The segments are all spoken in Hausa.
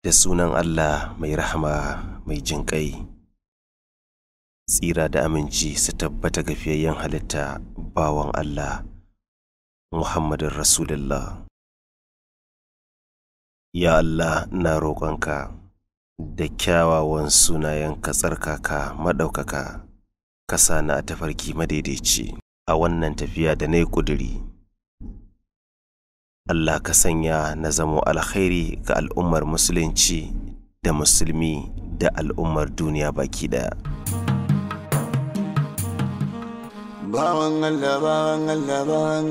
da sunan Allah mai rahama mai jin Tsira da aminci su tabbata ga fiyayyen halitta bawan Allah, Muhammadin Rasulullah. Ya Allah na roƙonka da kyawawan sunayen ka tsarkaka maɗaukaka, ka sa a tafarki madaidaici a wannan tafiya da na yi ƙuduri. Allah ka sanya na zamo alkhairi ga al'ummar musulunci da musulmi da al'ummar duniya baki daya. Bawan Allah, bawan Allah, bawan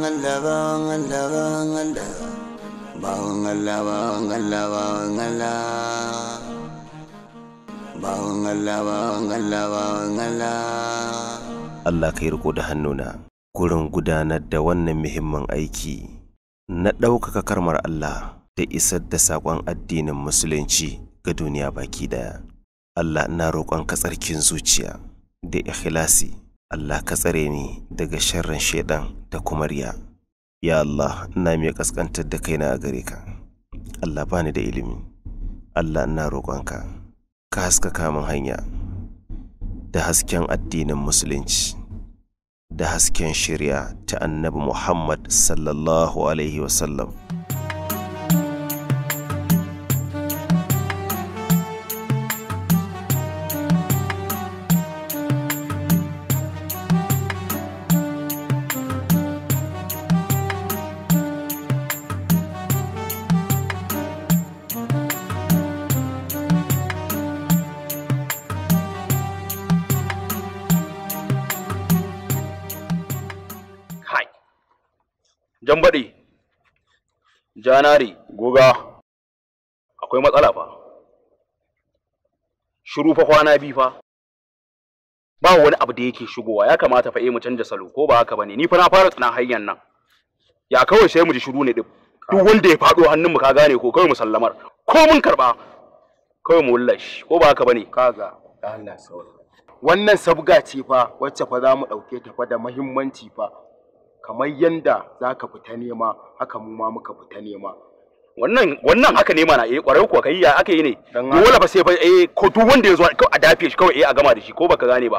Allah, bawan Allah, bawan Allah, bawan Allah, bawan Allah, bawan Allah, bawan Allah, bawan Allah ka yi riko da hannuna. gurin gudanar da wannan muhimmin aiki na ɗaukaka karmar Allah da isar da saƙon addinin Musulunci ga duniya baki ɗaya. Allah na roƙon ka tsarkin zuciya da ikhlasi Allah ka tsare ni daga sharrin shaidan da kuma riya. Ya Allah ina mai kaskantar da kaina a gare ka. Allah bani da ilimi. Allah ina roƙonka ka haskaka min hanya da hasken addinin musulunci. da hasken shirya ta annabi Muhammad sallallahu Alaihi wasallam. Janari, goga, akwai matsala fa. Shiru fa kwana bi fa. Ba wani abu da yake shigowa, ya kamata fa eh, mu canja salo ko ba haka bane. Ni fa na fara tsana hanyar nan. Ya kawai sai mu ji shiru ne duk. Duk wanda ya faɗo hannun mu ka gane ko kawai mu sallamar. Ko mun karba. Kawai mu wallashi ko ba haka bane. Kaga, Allah sauri. Wannan sabga ce fa wacce fa za mu ɗauke ta fa da muhimmanci fa kamar yanda za ka fita nema haka mu ma muka fita nema wannan wannan haka nema na eh kwarai kuwa kai ya aka yi ne dole ba sai ba eh, ko duk wanda ya zo a dafe shi kawai eh a gama da shi ko baka gane ba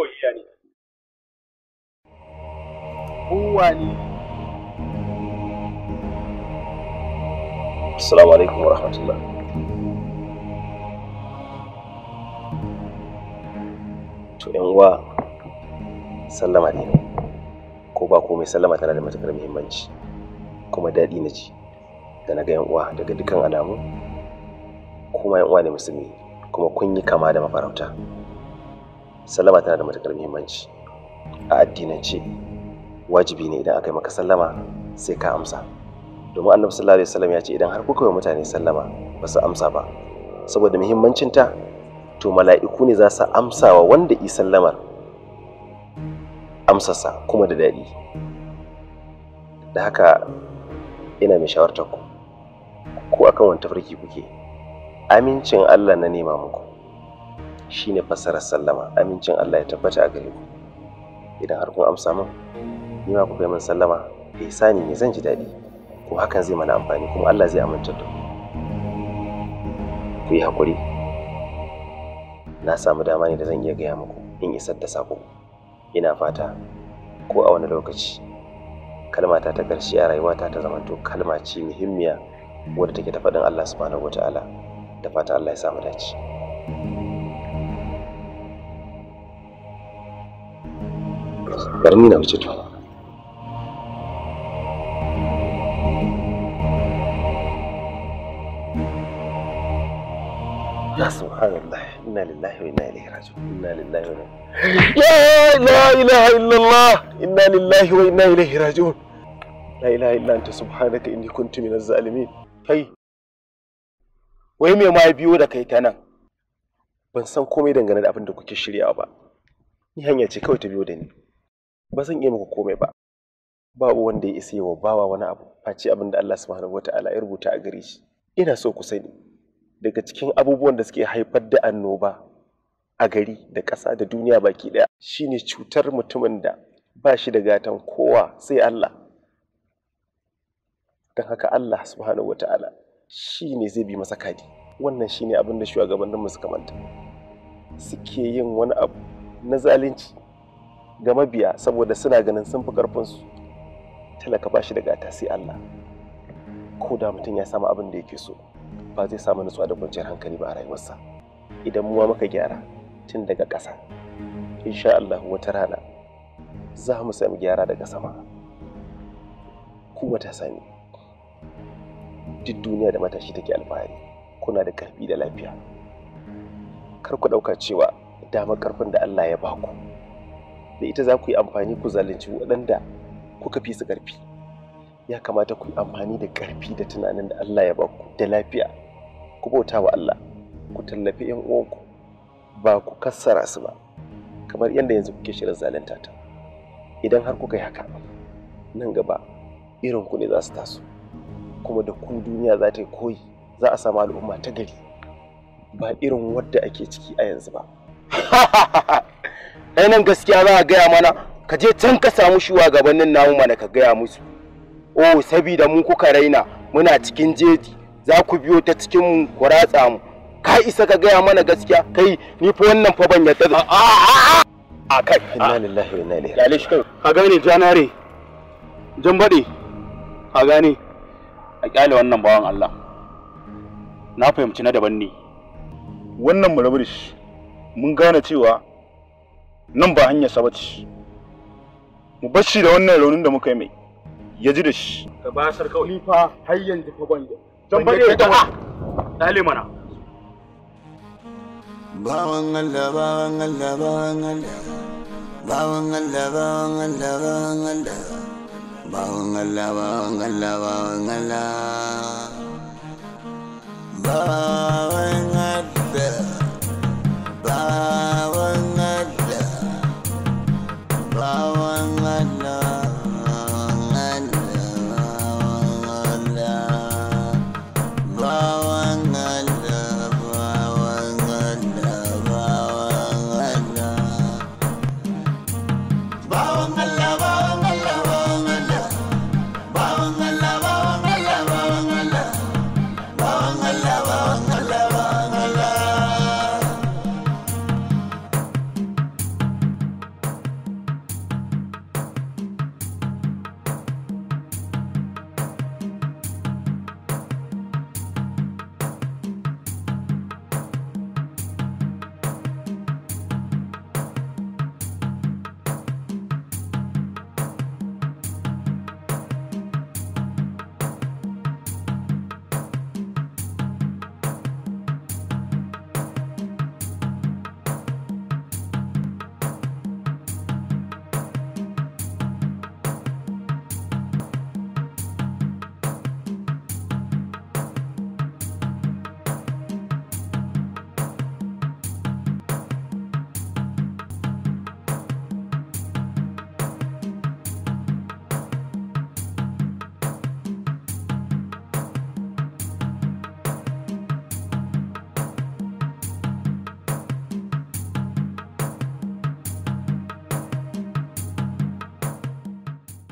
هو يعني هو يعني السلام عليكم ورحمة الله to yan uwa sallama ne ko ba komai sallama tana da matukar muhimmanci kuma daɗi na ji da na ga yan uwa daga dukkan alamu kuma yan uwa ne musulmi kuma kun yi kama da mafarauta sallama tana da matuƙar muhimmanci a addinance wajibi ne idan aka yi maka sallama sai ka amsa domin annabi sallallahu alaihi wasallam ya ce idan har kuka yi mutane sallama ba su amsa ba saboda muhimmancinta to mala'iku ne za su amsa wa wanda yi sallamar amsarsa kuma da daɗi da haka ina mai shawartar ku ko akan wani tafarki kuke amincin allah na nema muku shine fassarar sallama amincin Allah ya tabbata a gare ku idan har kun amsa min ni ma ku kai min sallama sani ne zan ji daɗi ko hakan zai mana amfani kuma Allah zai aminta da ku ku yi hakuri na samu dama ne da zan iya gaya muku in isar da sako ina fata ko a wani lokaci kalma ta ƙarshe a rayuwata ta zamanto kalma ce muhimmiya wadda take ta faɗin Allah subhanahu wataala da fata Allah ya samu dace. karami na wuce to ya subhanallah inna lillahi wa inna ilaihi raji'un inna lillahi wa inna la ilaha illallah inna lillahi wa inna ilaihi raji'un la ilaha illa anta subhanaka inni kuntu minaz zalimin kai wai me ma biyo da kai ta nan ban san komai dangane da abin da kuke shiryawa ba ni hanya ce kawai ta biyo da ni ba zan iya muku komai ba babu wanda ya isa wa bawa wani abu face abin da Allah subhanahu wata'ala ya rubuta a gare shi ina so ku sani daga cikin abubuwan da suke haifar da annoba a gari da ƙasa da duniya baki ɗaya shine cutar mutumin da ba shi da gatan kowa sai Allah don haka Allah subhanahu wata'ala shi ne zai bi masa kadi wannan shine abin da shugabanninmu suka manta suke yin wani abu na zalunci ga mabiya saboda suna ganin sun fi karfinsu talaka ba shi daga gata sai Allah ko da mutum ya samu abin da yake so ba zai samu nutsuwa da kwanciyar hankali ba a rayuwarsa idan muwa muka gyara tun daga ƙasa insha Allah wata rana za mu sami gyara daga sama ku wata sani duk duniya da matashi take alfahari kuna da karfi da lafiya kar ku ɗauka cewa dama karfin da Allah ya baku da ita za ku yi amfani ku zalunci waɗanda kuka fi su ƙarfi ya kamata ku yi amfani da ƙarfi da tunanin da Allah ya baku da lafiya ku bauta wa Allah ku tallafi yan uwanku ba ku kassara su ba kamar yadda yanzu kuke shirin zalunta ta idan har kuka yi haka nan gaba irin ku ne za su taso kuma da ku duniya za ta yi koyi za a samu al'umma ta gari ba irin wadda ake ciki a yanzu ba ai nan gaskiya za a gaya mana ka je can ka samu gabanin namu mana ka gaya musu oh sabida mu kuka raina muna cikin jeji za ku biyo ta cikin mu ku ratsa mu ka isa ka gaya mana gaskiya kai ni fa wannan fa ban yadda a kai inna lillahi wa inna ilaihi raji'un ka gane janare jan bade ka gane a kyale wannan bawan Allah na fahimci na daban ne wannan murabish mun gane cewa nan ba hanyar sa bace mu bashi da wannan raunin da muka yi mai ya ji da shi ka ba sar kawai fa har yanzu fa ban dan bare ta dale mana bawan Allah bawan Allah bawan Allah bawan Allah bawan Allah bawan Allah bawan Allah bawan Allah bawan Allah bawan Allah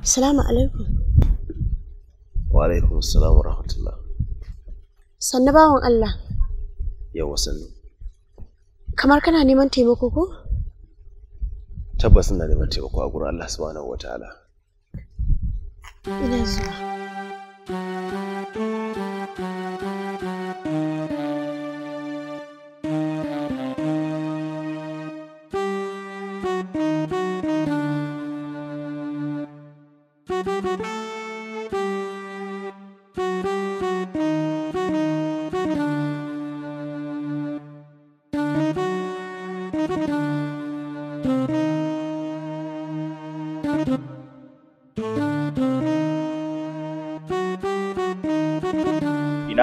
Salamu alaikum. Wa alaikum salam wa rahmatullah. Sannu bawan Allah. Yawa sannu. Kamar kana neman taimako ko? Tabbas ina neman taimako a gurin Allah subhanahu wa ta'ala. Ina zuwa. Ina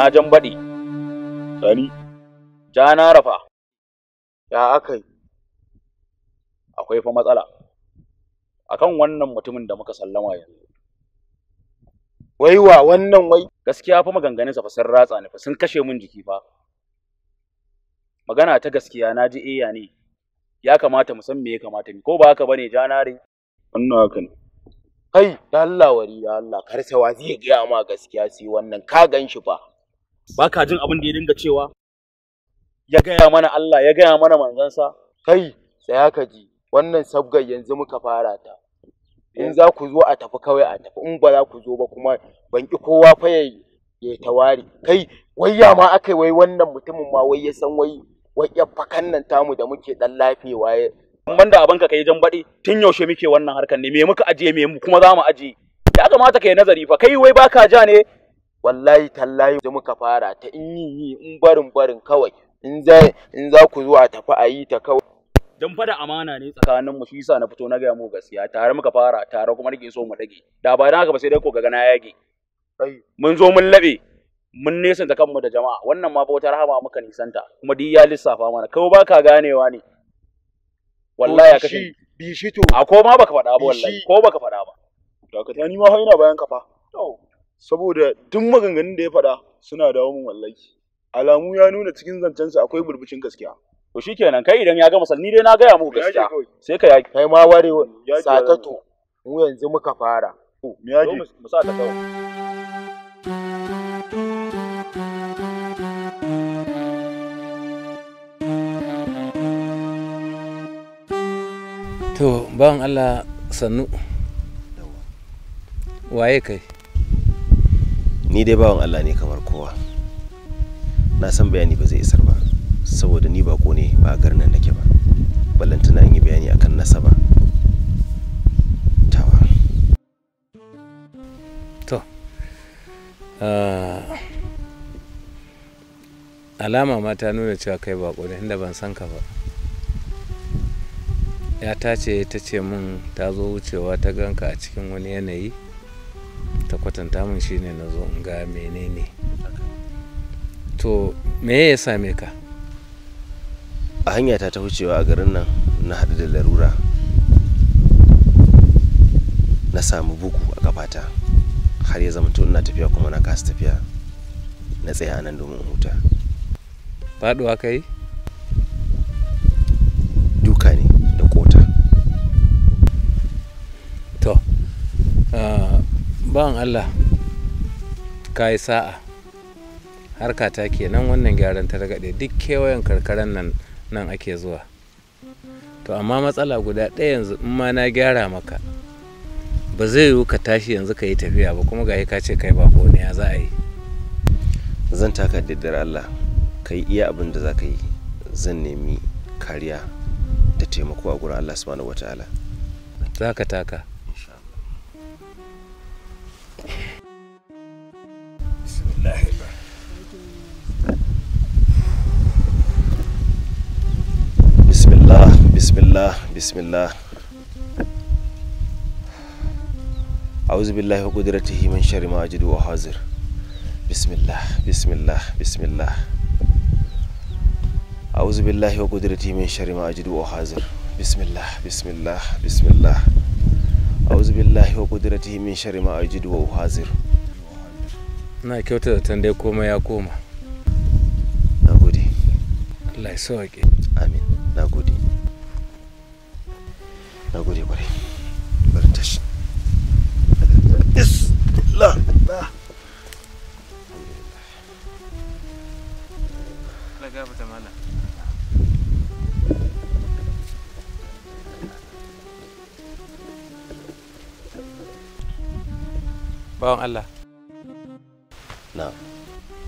jan baɗi? Sani. Ja na rafa. Ya aka yi. Akwai fa matsala. Akan wannan mutumin da muka sallama yanzu. Wai wannan wai. Gaskiya fa maganganunsa fa sun ratsa ni fa sun kashe min jiki fa. Magana ta gaskiya na ji iya eh ne. ya kamata mu san me ya kamata ko ba haka bane janare wannan haka ne kai da Allah wari da Allah kar sai wa zai ga ma gaskiya sai wannan ka gan fa ba ka jin abin da ya dinga cewa ya gaya mana Allah ya gaya mana manzansa kai tsaya ka ji wannan sabgar yanzu muka fara ta in za ku zo a tafi kawai a tafi in ba za ku zo ba kuma banki kowa fa ya tawari kai wai ya ma akai wai wannan mutumin ma wai ya san wai waƙe kan nan tamu da muke dan lafiyewa ya ban da abin ka kai jan baɗi tun yaushe muke wannan harkar ne me muka ajiye me mu kuma za mu ajiye ya kamata ka nazari fa kai wai baka ja ne wallahi tallahi da muka fara ta in yi in barin barin kawai in za in za ku zuwa tafi a yi ta kawai dan fada amana ne tsakanin mu shi yasa na fito na ga mu gaskiya tare muka fara tare kuma nake so mu dage da ba dan haka ba sai dai ko ga na yage mun zo mun labe mun nesanta kanmu da jama'a wannan ma wata rahama muka nisanta kuma duk ya lissafa mana kai ba ka ganewa ne wallahi ya kashe bishi to a ko ma baka faɗa ba wallahi ko baka faɗa ba to ka tani ma fa bayan ka fa saboda duk maganganun da ya faɗa suna dawo mun wallahi alamu ya nuna cikin zancensa akwai burbucin gaskiya to shikenan kai idan ya ga masalni dai na gaya muku gaskiya sai ka yaki kai ma ware sakato mu yanzu muka fara mu yaji mu sa ta kawai to bawan allah sannu waye kai ni dai bawan allah ne kamar kowa na san bayani ba zai isar ba saboda ni bako ne ba a garin nake ba ballantana yi bayani akan nasaba tawa to ah, alama ma ta nuna cewa kai bako ne inda ban san ka ba Ya tace ta ce min ta zo wucewa ta ganka a cikin wani yanayi ta kwatanta min ne na zo in ga menene to me ya same ka a hanya ta ta wucewa a garin nan na haɗu da larura na samu bugu a gabata har ya zama ina tafiya kuma na kasa tafiya na tsaya a nan domin huta faɗuwa ka yi bawan allah ka sa'a harka ta kenan wannan gyaran ta ragaɗe duk kewayen karkaran nan nan ake zuwa to amma matsala guda ɗaya yanzu in ma na gyara maka ba zai yiwu ka tashi yanzu ka yi tafiya ba kuma ga ka ce kai ba ne ya za a yi zan taka daddare allah kai yi iya abin da za ka yi zan nemi kariya da taimako a gurin allah subhanahu wataala za ka taka bismillah bismillah auzu billahi wa qudratihi min sharri ma ajidu wa hazir bismillah bismillah bismillah auzu billahi wa qudratihi min sharri ma ajidu wa hazir bismillah bismillah bismillah auzu billahi wa qudratihi min sharri ma ajidu wa hazir na kyauta da tande koma ya koma nagode Allah ya sauke amin nagode bawan Allah na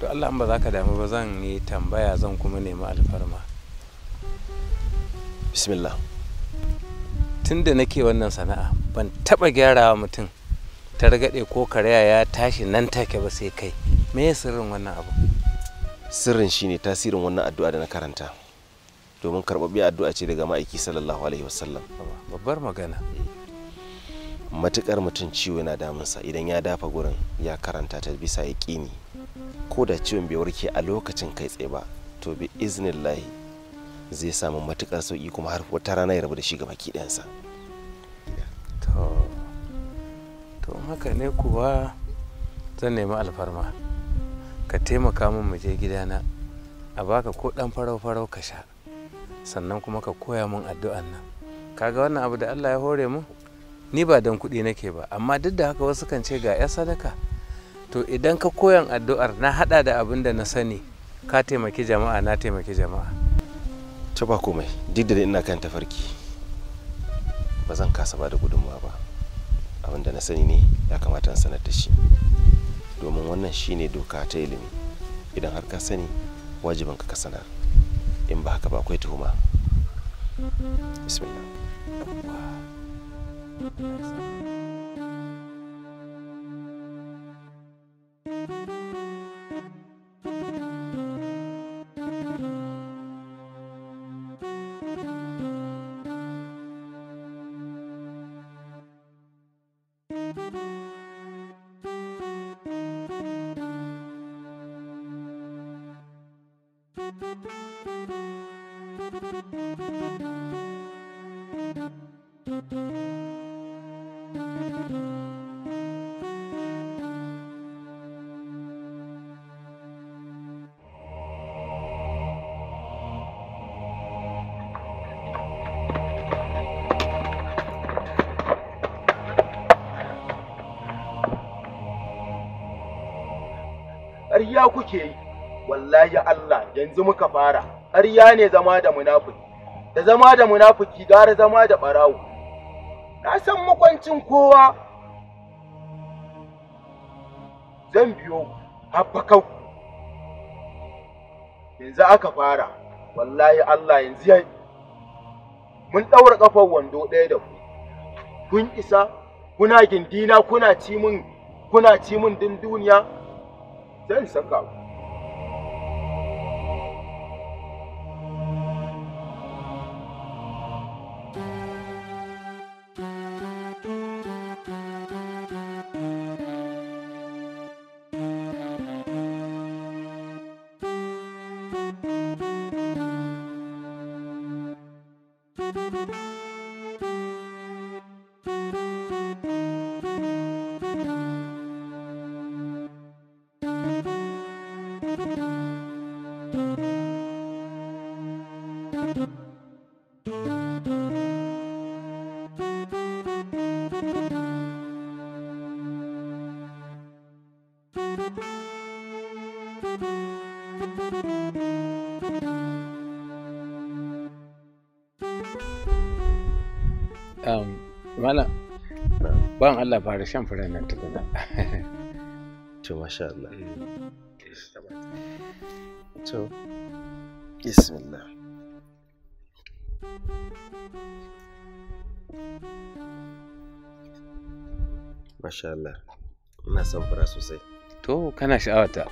to Allah ba za ka damu ba zan yi tambaya zan kuma nemi alfarma bismillah tun nake wannan sana'a ban taba gyarawa mutum ta ragade ko karya ya tashi nan take ba sai kai me sirrin wannan abu sirrin shine tasirin wannan addu'a da na karanta domin karɓaɓɓiyar addu'a ce daga ma'aiki sallallahu alaihi wasallam babbar magana matukar mutum ciwo yana damunsa idan ya dafa gurin ya karanta ta bisa ya kini ko da ciwon bai warke a lokacin kai tsaye ba to bi iznillahi zai samu matukar sauki kuma har wata rana ya rabu da shi ga baki ɗansa to haka ne kuwa zan nemi alfarma ka taimaka min mu je gidana a baka ko dan farau farau ka sha sannan kuma ka koya min addu'an nan kaga wannan abu da Allah ya hore mu ni ba dan kuɗi nake ba amma duk da haka wasu kan ce ga ya sadaka to idan ka koyan addu'ar na hada da abin da na sani ka taimaki jama'a na taimaki jama'a ta ba komai duk da ina kan tafarki ba zan kasa ba da gudunmawa ba abin da na sani ne ya kamata in sanar da shi wannan shine doka ta ilimi idan har ka sani wajibin ka sanar in ba haka ba akwai tuhuma bismillah ƙarya kuke yi wallahi Allah yanzu muka fara ƙarya ne zama da munafiki da zama da munafiki gara zama da ɓarawo na san makwancin kowa zan biyo haffakau yanzu aka fara wallahi Allah yanzu yai. mun ɗaura ƙafar wando ɗaya da ku kun isa kuna gindina kuna ci mun kuna ci mun din duniya જઈ શકાવ Um, ban Allah fara shan furen nan tukuna. to masha Allah. Mm. To bismillah. Masha Allah. Ina son fura sosai. To kana sha'awata.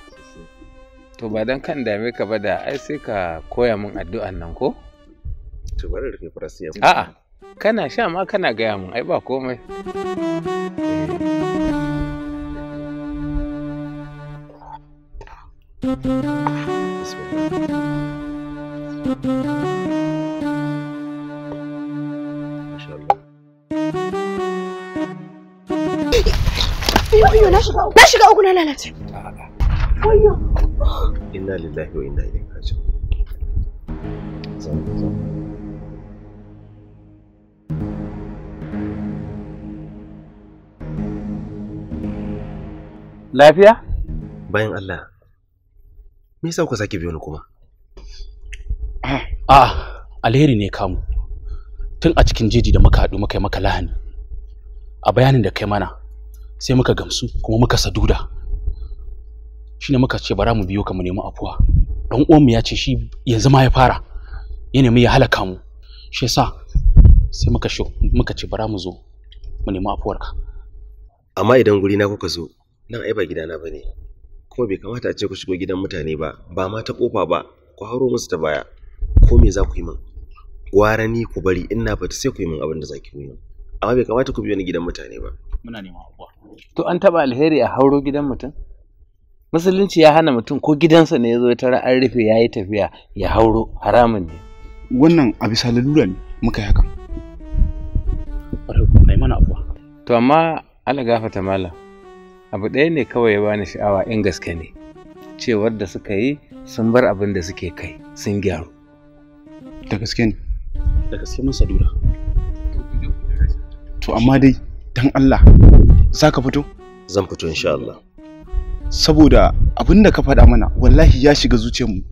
to ba don kan dame ka ba da ai sai ka koya min addu'an nan ko to bari rufe ya a'a kana sha ma kana gaya min ai ba komai na shiga uku na lalace. inna lillahi wa inna ilaihi Lafiya? Bayan Allah. Me yasa kuka sake biyo ni kuma? Ah, alheri ne kamu. Tun a cikin jeji da muka haɗu muka yi maka lahani. A bayanin da kai mana sai muka gamsu kuma muka saduda. shine muka ce bara mu biyo ka mu nemi afuwa dan uwanmu ya ce shi yanzu ma ya fara ya nemi ya halaka mu shi yasa sai muka sho muka ce bara mu zo mu nemi afuwar ka. amma idan guri na kuka zo nan ai ba gidana bane kuma bai kamata a ce ku shigo gidan mutane ba ba ma ta kofa ba ku hauro musu ta baya ko me za ku yi min gwara ni ku bari in na fita sai ku yi min abin da za ki yi min amma bai kamata ku biyo ni gidan mutane ba muna neman afuwa to an taba alheri a hauro gidan mutum musulunci ya hana mutum ko gidansa ne ya zo ta an rufe ya yi tafiya ya hauro haramun ne wannan a bisa lalura ne muka yi hakan mai mana abuwa to amma ala gafata mala abu ɗaya ne kawai ya bani sha'awa in gaske ne cewar da suka yi sun bar abin da suke kai sun gyaru da gaske ne da gaske mun sadura to amma dai dan Allah za ka fito zan fito insha Allah saboda abin da ka faɗa mana wallahi ya shiga zuciyarmu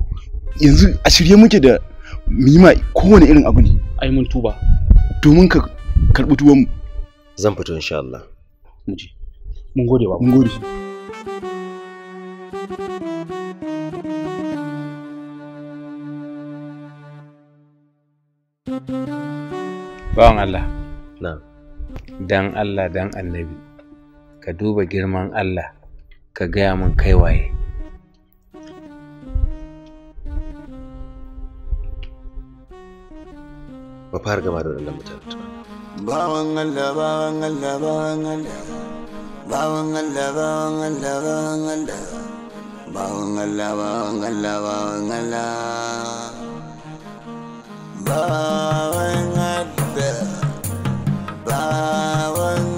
yanzu a shirye muke da mima kowane irin abu ne ai mun tuba domin ka karɓi mu. zan fito insha Allah mun gode ba mun gode bawan Allah na dan Allah dan annabi ka duba girman Allah ka gaya min kai waye ba fara gama da wannan ba. bawan Allah bawan Allah bawan Allah bawan Allah bawan Allah bawan Allah bawan Allah bawan Allah bawan Allah bawan Allah bawan